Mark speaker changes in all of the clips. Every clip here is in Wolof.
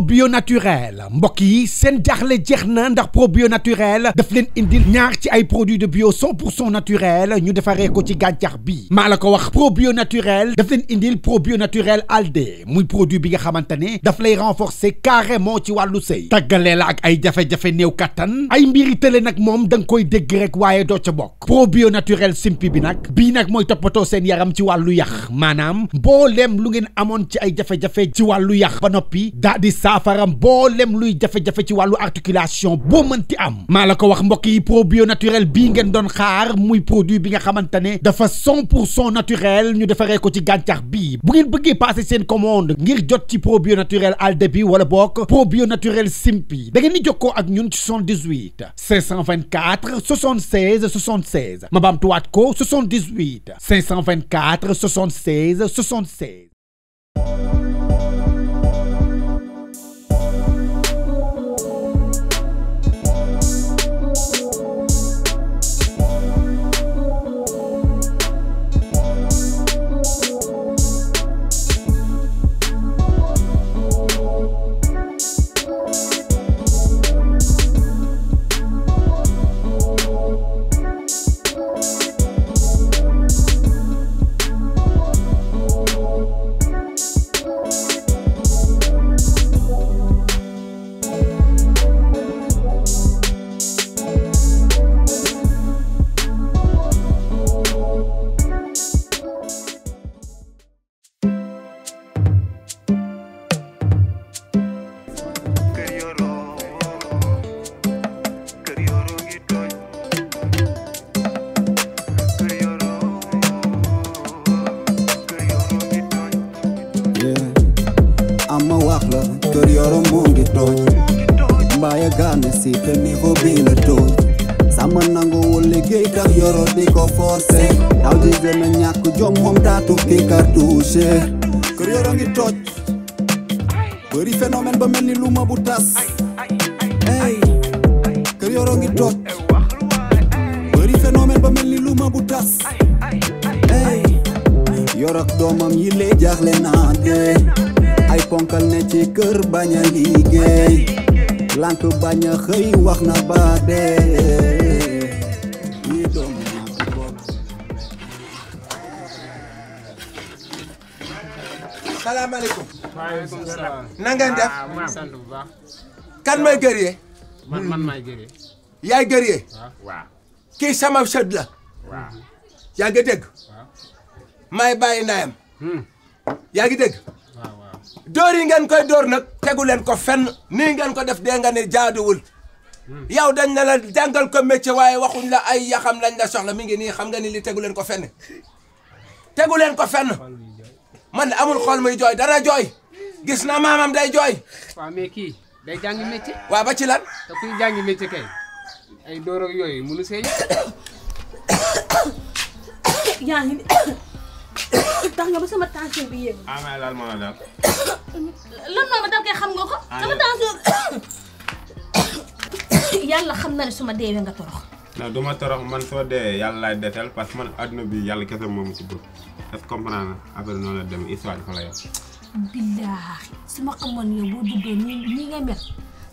Speaker 1: bio naturel mbokk yi seen jaaxle jeex ndax probio naturel daf leen indil ñaar ci de bio 100 naturel ñu defaree ko ci gàncax bi mala naturel daf leen indil probio naturel alde muy produit bi nga xamantane renforcé, daf lay renforcer carrément ci walu sëy tagalé la ak ay jafé jafé new katan ay mbiri tële de moom koy dégg rek probio naturel simpi bi nak bi tu moy toppatoo sen yaram ci walu yax Manam. Bolem lu ngeen amone ci ay saafara mboolem luy jafé jafé ci walu articulation boo mënti am malako wax mbokk yi probio naturel bi ngeen don xaar muy produit bi nga xamantane dafa 100 pour naturel ñu defaree ko ci gàncax bi bu ngeen bëggé passer seen commande ngir jot ci probio naturel aldebi bi wala bok probio naturel simpi da ngeen di jokkoo ak ñun ci 78 524 76 76 ma baamtuwaat ko 78 524 76 76.
Speaker 2: touché kër yor a ngi toj bëri phénomène ba mel ni lu ma bu tas ey kër yor a ngi toj bëri phénomène ba mel ni lu ma bu tas ey yor doomam yi lay jaaxle naa de ay ponkal ne ci kër bañ a liggéey lànk bañ a xëy wax na ba
Speaker 1: salaam aleykum. maaleykum salaam. na ngeen def. Ah, kan may gërëyee. Eh? man man maay gërëyee. yaay gërëyee.
Speaker 3: Eh? waaw.
Speaker 1: kii sama sët ya, hmm. ya, hmm. la. waaw. yaa ngi dégg. waaw. maay bàyyi ndayam. yaa ngi dégg. waaw waaw. door yi ngeen koy door nag tegu ko fenn. nii ngeen ko def dee nga ne jaaduwul. yow dañ na la jàngal ko métier waaye waxuñ la ay yaxam lañ la soxla mi ngi nii xam nga ni li tegu ko fenn. tegu ko fenn. man de amul xool muy jooy dara jooy gis na maamam day jooy.
Speaker 3: waaw mais kii day jàngi
Speaker 1: métier. ba ci lan. te kuy jàngi métier kay ay door ak
Speaker 3: yooyu munu see.
Speaker 4: yaa ngi tax nga ba sama tension bi yéegu.
Speaker 3: ah mais laal ma la
Speaker 4: lan moo ma dal kay xam nga ah, sama tension. yàlla xam na ne su ma deewee nga torox.
Speaker 3: non du ma torox man soo dee yàlla laay desal man adduna bi yàlla kese moomu ci def ce na après noonu la demee histoire dafa la yor.
Speaker 4: billaahi su ma xamoon yow boo duggee nii nii ngay mel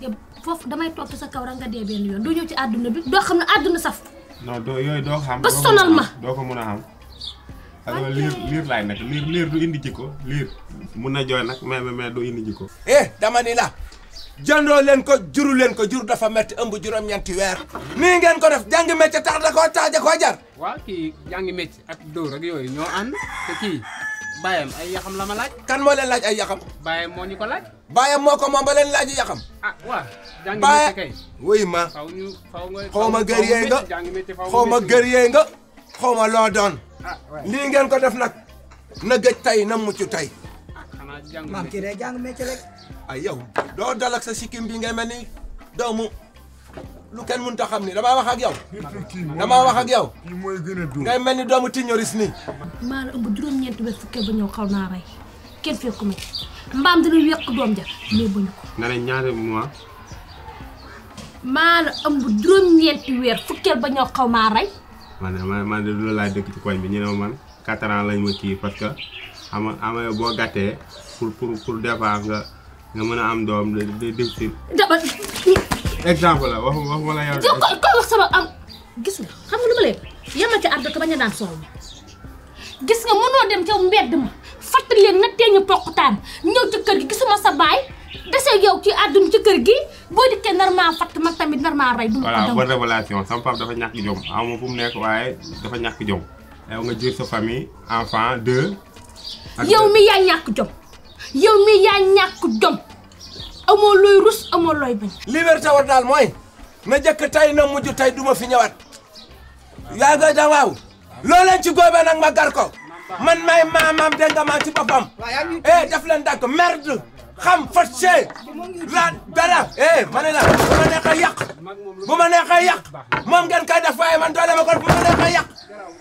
Speaker 4: yow foofu damay toog sa kaw nga dee benn yoon doo ñëw ci àdduna bi doo xam ne àdduna saf.
Speaker 3: non doo yooyu doo xam. ba sonal ma doo ko mën a xam. parce que liir liir laay nekk liir liir du indi jikko liir mun na jooy nag mais mais du indi jikko.
Speaker 1: eh dama ni la. jëndoo leen ko juru leen ko jur dafa metti ëmb juróom-ñeenti weer nii ngeen ko def jàngi métier tax da koo tax da koo jar. waaw ak dóor ak yooyu ñoo ànd te ay yaxam la ma laaj. kan moo leen laaj ay yaxam. baaye moo ñu ko laaj. baayam moo ko moom ba leen laaj yaxam. ah waaw jàngi métier kay. wuy ma xaw ñu xaw nga xaw ma gërëyee nga xaw ma nga xaw ma loo doon. ah nii ngeen ko def nag na gëj tey na mucc tey. ah xanaa jàng jàng ay yow dal ak sa sikim bi ngay melni ni doomu lu ken mënut ta xam ni damaa wax ak yow.
Speaker 4: dama wax ak yow.
Speaker 1: kii mooy do a dóor ngay mel ni doomu tiñoris nii.
Speaker 4: maa la ëmb juróom-ñeenti weer fukkee ba ñëw xawna ray ken kenn fekku ma ci dina yekk doom ja mais bañu ko.
Speaker 3: na ne ñaare mois.
Speaker 4: maa la ëmb juróom ñent weer fukkee ba ñëw xawma ray rey.
Speaker 3: man de man man de loolu laa dëkk ci koñ bi ñu man quatre ans lañ ma ki parce que ama ama bo gàttee pour pour pour départ nga. nga mën a am doom day difficile. dama. exemple la wax wax wala yow. ko
Speaker 4: koy wax sama am gis nga xam nga lu ma gis nga mënoo dem ca mbedd ma fàttali leen na teeñu poqutaan ñëw ci kër gi gisuma sa baay dese yow ci àdduna ci kër gi boo dikkee normal fàtt mag tamit ma ko daw voilà bonne
Speaker 3: révélation dafa ñàkk mu nekk waaye dafa ñàkk jom. yow nga jur sa famille enfant deux. yow mi
Speaker 4: yaa ñàkk jom. yow mi yaa ñàkk jom amoo looy rus amoo looy bañ. liberté war daal mooy na jëkk tey na mujj tey duma fi
Speaker 1: ñëwaat yaa ngi da waaw loo leen ci góobee nag ma ko man may maamam dégg nga maa ci boppam eh daf leen dàgg merde xam fàccee la dara eh ma ne la bu ma neexee yàq bu ma neexee moom ngeen koy def man doole ma bu ma neexee yàq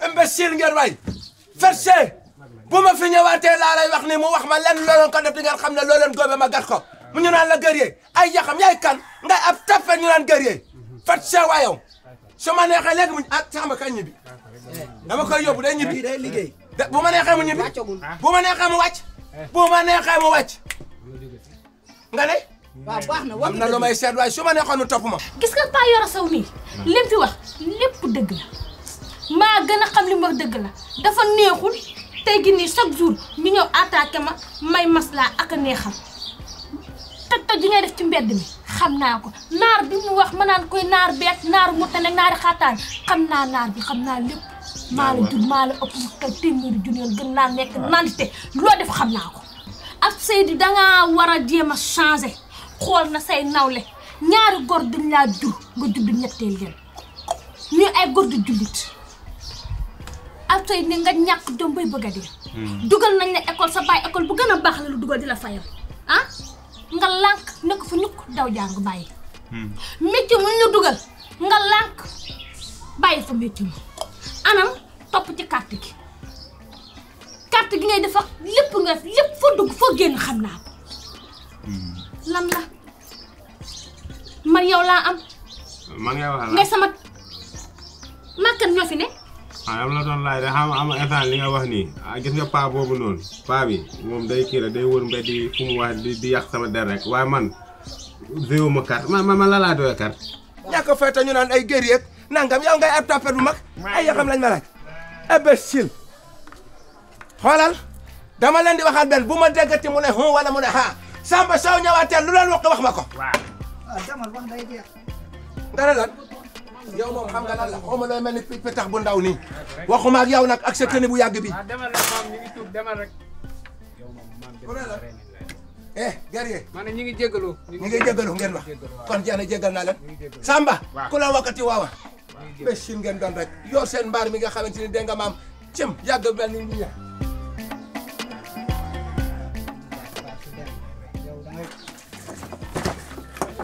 Speaker 1: imbécile ngeen waay fàccee. buma fi ñewate la lay wax ni mu wax ma lenn loo ko def li nga xamne ne loo leen ma gat ko mu ñu naan la guerrier ay yaxam yaay kan nga ab tapet ñu naan guerrier fat sa waayow suma nexé leg mu ak sax kañ ñibi dama koy yóbbu day ñibi day liggey buma nexé mu ñibi
Speaker 4: buma nexé mu wàcc
Speaker 1: buma nexé mu wàcc nga ne
Speaker 4: waaw baax na war may
Speaker 1: seet way suma ma neexoon mu topp
Speaker 4: gis nga pa Yoro saw ni lim fi wax lépp deug la maa gëna xam li mu wax dëgg la dafa neexul tey gi nii chaque jour ñu ñëw attaqué ma may maslaa ak a neexam toj toj def ci mbedd mi xam naa ko naar bi mu wax ma naan koy naar beet naar mu tane naari xaataan xam naa naar bi xam naa lépp maa la jur maa la ëpp mu kay téeméeri junniyoon gën naa nekk nandite loo def xam naa ko ak Seydi dangaa war a jéem a changé xool na say nawle ñaari góor duñ laa jur nga juddu leen ñu ay góor du jullit altay ni nga ñak doom bay bëgg di dee hmm. dugal nañ ne école sa bay école bu gëna bax la lu dugal di la fayal ah nga lank nek fu ñuk daw jang bay metti mu ñu dugal nga lank bay fu metti mu anam top ci carte gi carte gi ngay def ak lepp nga lepp fa dugg fo génn xamna lam la man yow la am
Speaker 3: man nga wax la ngay sama
Speaker 4: màkkan ñofi ne
Speaker 3: waaw dama la doon laaj de xam am instant li nga wax nii ah, gis nga paa boobu noonu paa bi moom day kii day wër mbedd di fu wax di di sama der rek waaye man déwu ma carte ma ma la laa doyee carte.
Speaker 1: ñàkk a ñu naan ay gér yeeg nangam yow ngay ab tapet bu mag ay yaxam lañ ma laaj. imbécile xoolal dama leen di waxaat benn bu ma déggati mu ne xun wala mu ne xaa Samba soo ñëwaatee lu leen wax wax ma ko. waaw waaw
Speaker 4: ah, jamono wax day jeex. dara lan. yow moom xam
Speaker 1: nga lan la xaw ma looy mel ni pétax bu ndaw nii waxuma ak yow nag ak sa bu yàgg bi. Ah,
Speaker 4: demal rek mam ñu
Speaker 1: ngi tuub demal rek. eh guerrier. ma ne ñu ngi jégalu. ñu ngi jégalu ngeen wax kon jeex na jégal Samba. ku la wakkati waawa. bésin ngeen doon rek yor seen mbaar mi nga xamante ni dégg nga maam cëm yàgg Wah! ni ñu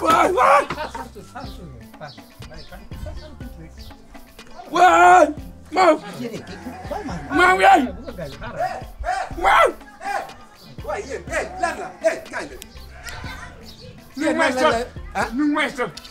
Speaker 4: waay waay
Speaker 1: waay maam maam yaay maam. waay yéen eh, eh ah? may sot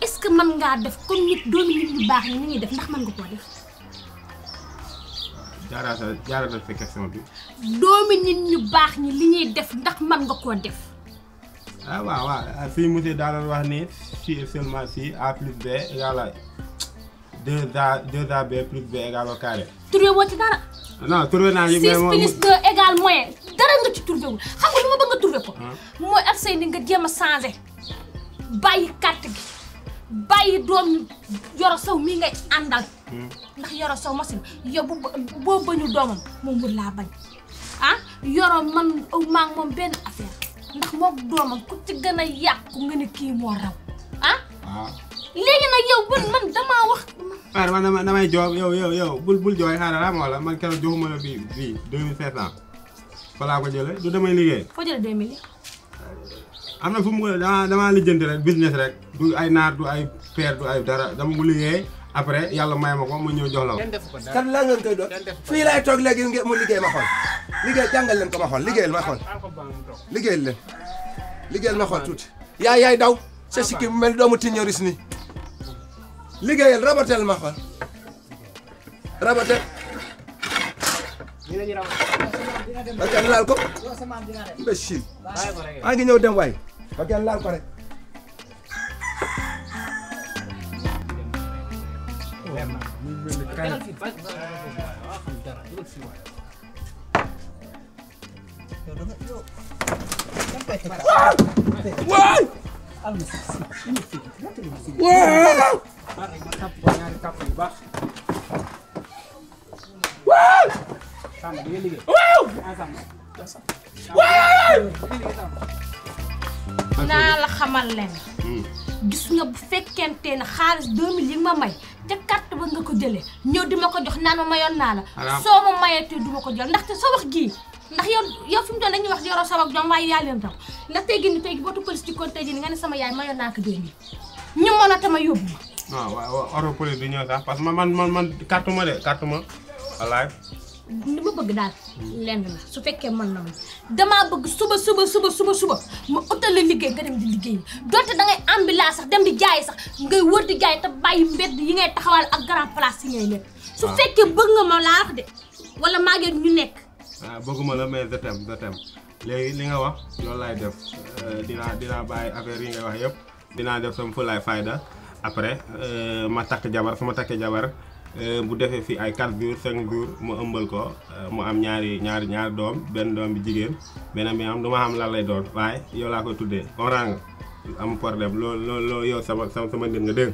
Speaker 4: est ce que man def comme nit doomi nit ñu baax ni def ndax mën nga koo def
Speaker 3: jaaraata jaaraata sa question bi
Speaker 4: doomi nit ñu baax li def ndax mën nga koo def
Speaker 3: ah waaw waaw si ah, monsieur Dalal wax ni si seulement si a plus b égale à 2a 2ab plus b égale au carré
Speaker 4: trouvé woo ci dara
Speaker 3: non trouvé naa yi 6 plus
Speaker 4: 2 égale moyen dara nga ci trouvé wul xam nga lu bëgg trouvé ko mooy ak say ni nga carte gi bàyyi doom Yoro Sow mii ngay àndal. Hmm. ndax Yoro Sow yow bu boo bañu doomam moom mun laa bañ ah Yoro man maa moom benn affaire ndax moom doomam ku ci gën a yàqu nga ne kii moo raw ah? ah. léegi nag yow man man damaa wax.
Speaker 3: man damay damay joob yow yow bul bul jooy xaaral ah ma la man keroog joxuma bii bii deux mille sept cent. fa laa ko jëlee du damay liggéey. am na fu mu a damaa lijjanti rek business rek du ay naar du ay peer du ay dara dama mu liggéey après yàlla may ma ko mu ñëw jox la ko.
Speaker 1: kan la ngeen koy doon fii laay toog léegi ngeen mu liggéey ma xool liggéey jàngal leen ko ma xool liggéeyal ma xool liggéeyal leen liggéeyal ma tuuti. yaay yaay daw sa sikki mu mel doomu ni nii liggéeyal ma xool rabatel.
Speaker 4: dina ñu rabatel. parce que laal ko. Mbéchine maa ngi
Speaker 1: ñëw dem बाकी अल्लाह करे كان في فرق اخر درجه يقول في واحد واي واي واي واي
Speaker 4: naa la xamal leen gis nga bu fekkente ne xaalis 2000 yi ma may ca carte ba nga ko jëlee ñëw di ma ko jox naan ma mayoon naa la soo ma mayee te du ma ko jël ndaxte sa wax gii ndax yow yow fi mu toll dañuy wax yoroo sa mayoon naa ko 2000 ñu mën a tama yóbbu
Speaker 3: ma waaw waaw oro police du ñëw sax parce man man man ma de carte ma wallaay
Speaker 4: li ma bëgg daal lenn la su fekkee mën na ma damaa bëgg suba suba suba suba suba ma utal la liggéey nga dem di liggéey donte da ngay sax dem di jaay sax ngay wër di jaay te bàyyi mbedd yi ngay taxawal ak grand place yi ngay nekk. su ah. fekkee bëgg nga ma laax de wala maa ngi ñu nekk.
Speaker 3: ah bëgguma la mais je t'aime je t'aime léegi li nga wax loolu laay def euh, dinaa dinaa bàyyi affaire yi wax yëpp dinaa def sama fayda après euh, ma takk jabar su ma takkee jabar. Eh, bu defé fi ay 4 jours 5 jours mu ëmbal ko eh, mu am ñaari ñaar ñaar doom ben doom bi jigéen beneen bi am duma ma xam lan lay doon waaye yow la koy tuddé comprendre nga am problème lo lo lo yow sama sama sama nit nga dégg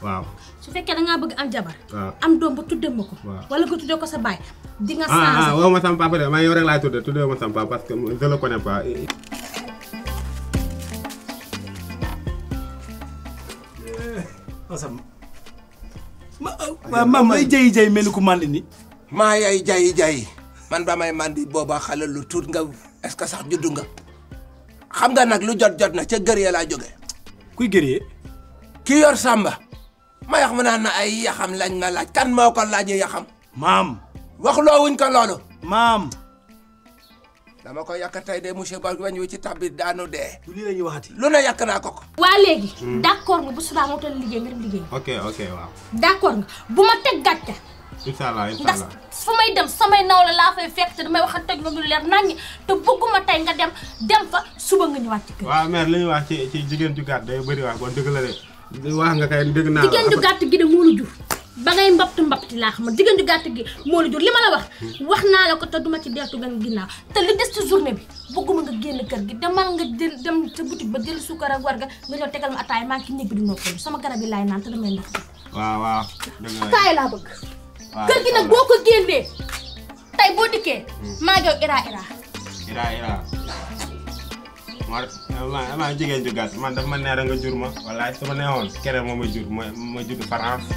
Speaker 3: waaw
Speaker 4: su fekké da nga bëgg am jabar am doom ba tuddé mako wala ko tuddé ko sa bay di nga ah, ah waaw
Speaker 3: ma sama papa dé ma yow rek lay tuddé tuddé ma sama papa parce que je le connais pas eh,
Speaker 1: Awesome. ma waaw maam may jayi jayi mel ni ku màndi ni jayi jayi man ba may màndi booba xale lu tuut nga est-ce que sax juddu nga xam nga nag lu jot jot na ca gërye laa jóge kuy gërye ki yor sàmba ma yax mu naan ay yaxam lañ ma laaj kan moo ko laajee yaxam maam waxloo wuñ ko loolu dama ko yàq tey de monsieur Ba bañ wi ci tabbi daanu dee. lii la ñuy waxati. lu ne yàq naa ko ko.
Speaker 4: waa léegi. Hmm. d' accord nga bu subaa moo toll liggéey nga dem liggéey.
Speaker 3: ok ok waaw.
Speaker 4: d' accord nga bu ma teg gàcce.
Speaker 3: incha allah incha ndax
Speaker 4: fu may dem samay nawle laa fay fekk te damay wax ak teg lu leer naññi te bëgguma tey nga dem dem fa suba nga ñëwaat ci
Speaker 3: kër. waaw mère li ñuy wax ci jigéen ju gàtt day bëri wax kon dëgg la de. wax nga kay dëgg naa la jigéen ju
Speaker 4: gàtt ba ngay mbaptu mbapti laa xamal digëndu gatt gi mo lu jur lima la wax wax na la ko te duma ci deltu gan ginnaaw te li dess ci journée bi bëgguma nga génn kër gi demal nga dem ci boutique ba jël suukar ak warga nga ñëw tégal ma atay ma ki ci bi di noppalu sama garab bi lay naan te dama ndox
Speaker 3: waaw waaw tay
Speaker 4: la bëgg kër gi nak boko ko tay bo diké ma maa ira ira
Speaker 3: ira ira mar ma ma jigen ju gas man daf ma neera nga jur ma wallahi sama neewon kéré mo ma jur ma ma judd France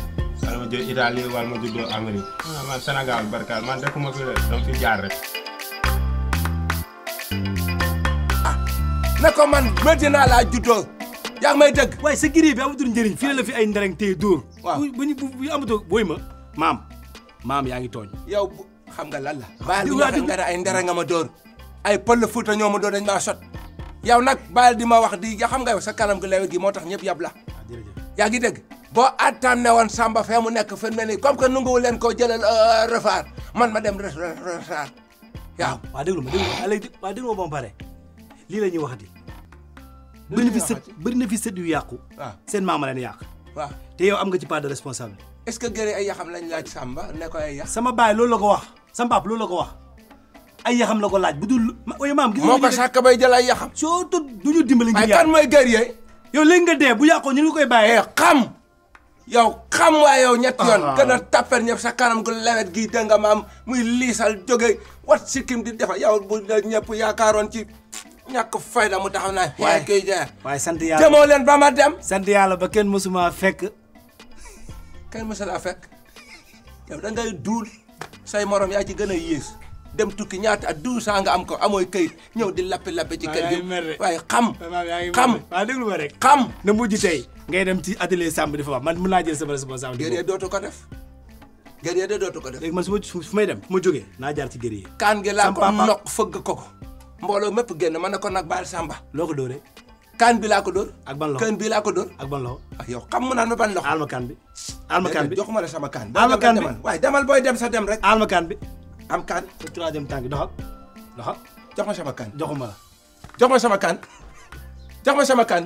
Speaker 3: wala ma jël wala ma juddoo Amérique
Speaker 1: man Sénégal barkaal man defuma fi dama fi jaar rek. ne man Medina laa juddoo yaa may dëgg. waaye sa giri bi amatul njëriñ fii la fi ay ndereng tey dóor. waaw bu ya, bu ma maam maam yaa ngi yow xam nga lan la. di wax nga ay ndereng ay dañ yow di ma wax di xam nga sa kanam gi yab la bo atam ne won Samba fe mu nek fi melni comme que nanguwu leen ko jëlal euh, refaar man ma dem refaar Ya, wa deglu ma deglu ma léegi waaw déglu ma ba mu pare lii la wax di. bëri sen fi sët bëri na fi sët yu te yow am nga ci part de responsable. est ce que géré ay yaxam lañ laaj Samba ne ko ay yax. sama baay loolu la ko wax sama papa loolu la ko wax ay yaxam la ko laaj budul dul. ooy maam gis nga moo ko sàkk bay jël ay yaxam. so tut duñu dimbali. ngir yàq ay kan moy gërë yow léegi nga bu yàqoo ñu ngi koy baye eh, xam. yow xam waa yow ñett yoon ah. gën a tapper gu lewet gi dégg nga maam muy liisal jóge wat sikkim di defa yow bu la yaakaaroon ci ñàkk fayda mu taxaw naa waaye koy jaar waaye sant yàlla demoo leen ba ma dem sant ba kenn mësuma fekk kenn mësula fekk yow da ngay duul say morom yaa ci gën a yées dem tukki ñaat at douze ans am ko amooy kayit ñëw di lappi-lappi ci kër gi waaye xam xam waaw na mujj tey ngay dem ci atelier sàmm di fa man mën naa jël sama responsabilité. guerrier dootu ko def. guerrier de dootu ko def. léegi man su ma may dem fu ma jógee naa jaar ci guerrier. kan gi laa ko noq fëgg ko ko. mbooloo mépp génn ma ne ko nag baal Samba. loo ko dóoree. Kan bi laa ko dóor. ak ban loxo kan bi laa ko dóor. ak ban loxo. ah yow xam mu naa ban loxo. alma kan bi. alma kan bi joxuma la sama kan alma kan bi waaye demal booy dem sa dem rek. alma kan bi. am kaan. troisième tànk doxal doxal. jox ma sama kan joxuma la. jox ma sama kan jox ma sama kaan.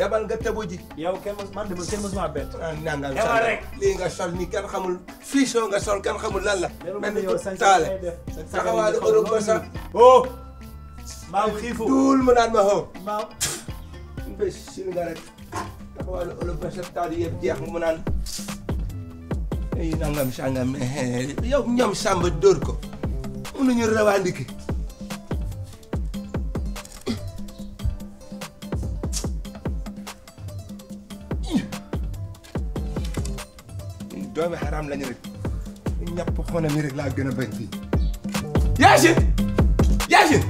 Speaker 1: يبان جتبوجي ياو كم ما دبل كم اسمه بيت نعم نعم شارك لينغ شارك نيكان خمول فيشون غشارك كان خمول لالا من تالا
Speaker 3: سكوا على قلوب بس
Speaker 1: أوه ما بخيفه دول من أنا هو ما بس شو نعرف سكوا على قلوب بس تالي يبدي أخو من أنا إيه نعم نعم شانغ مهل ياو نعم سام بدوركو منو نيرة وانديكي دومي حرام لا نيرك نياب خونا ميرك لا غنا بنتي ياجين ياجين